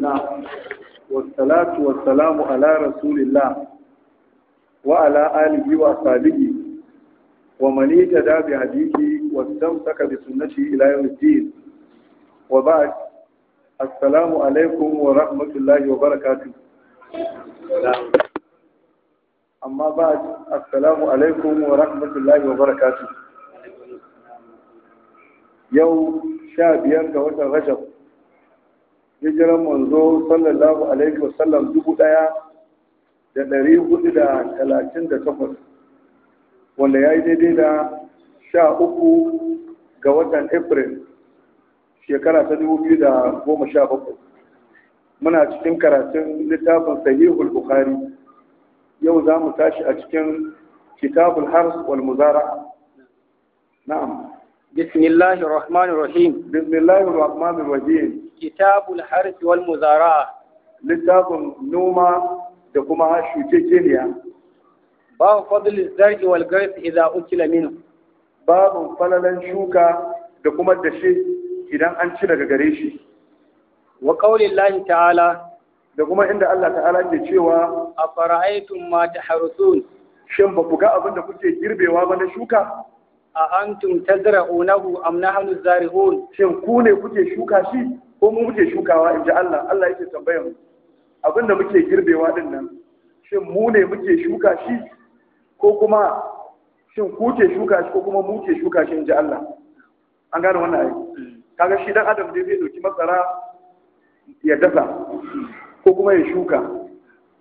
الله والصلاة والسلام على رسول الله وعلى آله وأصحابه ومن اهتدى بهديه واستمسك بسنته إلى يوم الدين وبعد السلام عليكم ورحمة الله وبركاته أما بعد السلام عليكم ورحمة الله وبركاته يوم شاب يرجع وترجب hijiran manzo sallallahu alaihi wasallam dubu ɗaya da ɗari hudu da talatin da takwas wanda ya yi daidai da sha uku ga watan april shekara ta dubu biyu da goma sha bakwai muna cikin karatun littafin sahihul bukhari yau za mu tashi a cikin kitabul harz wal muzara na'am bismillahir rahmanir rahim bismillahir rahmanir rahim kitabul harfi wal muzara'a littafin noma da kuma shukekeniya babu fadlil zargi wal garf idza ukila minhu babu falalan shuka da kuma dashe idan an ci daga gare shi wa qaulillahi ta'ala da kuma inda Allah ta'ala ke cewa afara'aytum ma tahrusun shin ba ku ga abin da kuke girbewa ba na shuka a antum tazra'unahu am nahnu zarihun shin ku ne kuke shuka shi ko mu muke shukawa in ji Allah Allah yake tambayar mu abinda muke girbewa din nan shin mu ne muke shuka shi ko kuma shin ku ke shuka shi ko kuma mu ke shuka shi in ji Allah an gane wannan ayi kaga shi dan adam dai bai dauki masara ya dasa ko kuma ya shuka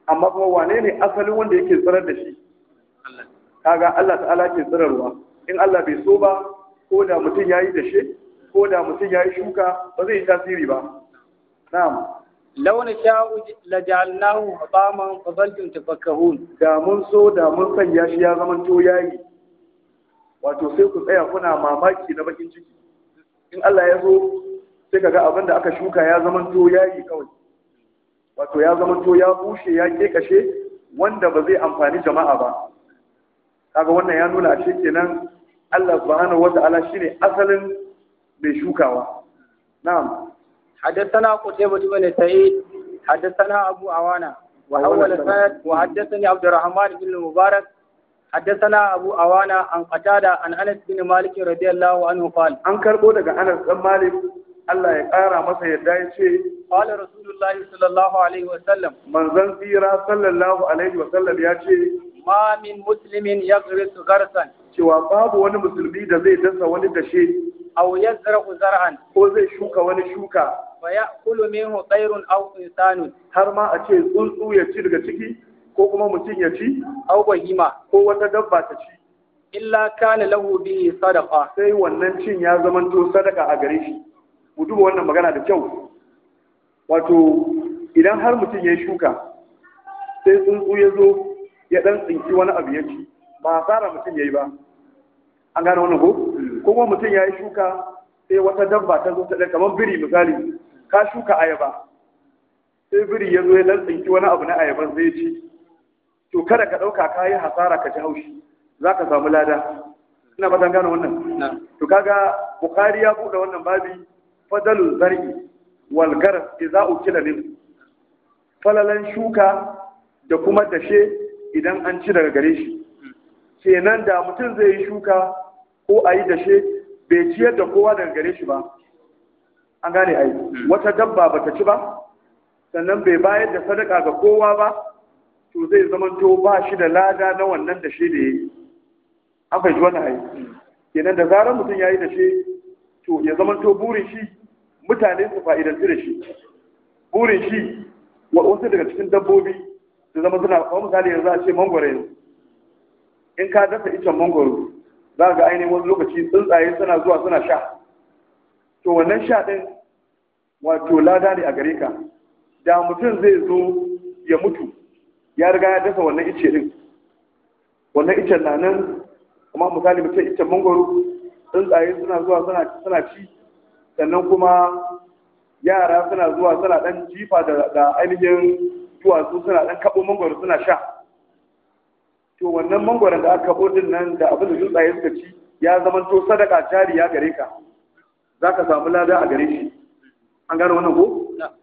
amma kuma wane ne asalin wanda yake tsirar da shi kaga Allah ta'ala ke tsirarwa in Allah bai so ba ko da mutum yayi da shi ko da mutum ya yi shuka ba zai yi tasiri ba na'am launa sha'u la ja'alnahu hutaman fa zaltum tafakkahun da mun so da mun sanya shi ya zama to yayi wato sai ku tsaya kuna mamaki na bakin ciki in Allah ya zo sai kaga abin da aka shuka ya zama to yayi kawai wato ya zama to ya bushe ya kekashe wanda ba zai amfani jama'a ba kaga wannan ya nuna a kenan Allah subhanahu ta'ala shine asalin bai shukawa. Na amma, haddasa ku ce mutu bane ta yi, haddasa na abu a wana, wa haddasa ni abu da rahamar bin mubarak, haddasa na abu a wana an an anas bin malikin radiyar lawa wani hukwal. An karbo daga anas zan malik, Allah ya kara masa yadda ya ce, Kwalar Rasulullah sallallahu Alaihi wasallam, manzan tsira sallallahu Alaihi wasallam ya ce, Ma min musulmin ya zure su garsan, cewa babu wani musulmi da zai dasa wani dashe, aw yazra'u zar'an ko zai shuka wani shuka wa ya'kulu minhu tayrun aw insanun har ma a ce tsuntsu ya ci daga ciki ko kuma mutum ya ci aw bahima ko wata dabba ta ci illa kana lahu bihi sadaqa sai wannan cin ya zamanto sadaka a gare shi ku duba wannan magana da kyau wato idan har mutum ya shuka sai tsuntsu ya zo ya dan tsinki wani abu ya ci ba asara mutum ya yi ba an gane wannan ko ko kuma mutum ya yi shuka sai wata dabba ta zo ta ɗaya kamar biri misali ka shuka ayaba sai biri ya zo ya lantsinki wani abu na ayaba zai ci to kada ka ɗauka ka yi hasara ka ji haushi za ka samu lada ina zan gane wannan to kaga bukari ya buɗe wannan babi fadalul zar'i wal garas idza ukila min falalan shuka da kuma dashe idan an ci daga gare shi hmm. kenan da mutum zai yi shuka ko a yi dashe bai ciyar da kowa daga gare shi ba an gane ai wata dabba ba ta ci ba sannan bai bayar da sadaka ga kowa ba to zai zamanto ba shi da lada na wannan dashe da ya yi an fahimci wannan ai kenan da zarar mutum ya yi dashe to ya to burin shi mutane su fa'idanci da shi burin shi wasu daga cikin dabbobi su zama suna kawo misali yanzu a ce mangwaro yanzu in ka dasa icen mangwaro za ga ainihin wani lokaci tsuntsaye suna zuwa suna sha to wannan sha ɗin wato lada ne a gare ka da mutum zai zo ya mutu ya riga ya dasa wannan ice ɗin wannan iccen na nan kuma misali mutum iccen mangoro tsuntsaye suna zuwa suna ci sannan kuma yara suna zuwa suna ɗan jifa da ainihin duwatsu suna ɗan kaɓo mangoro suna sha to wannan mangwaron da aka bodin nan da abin da tsuntsaye suka ci ya zama to sadaka jariya gare ka za ka samu lada a gare shi an gane wannan ko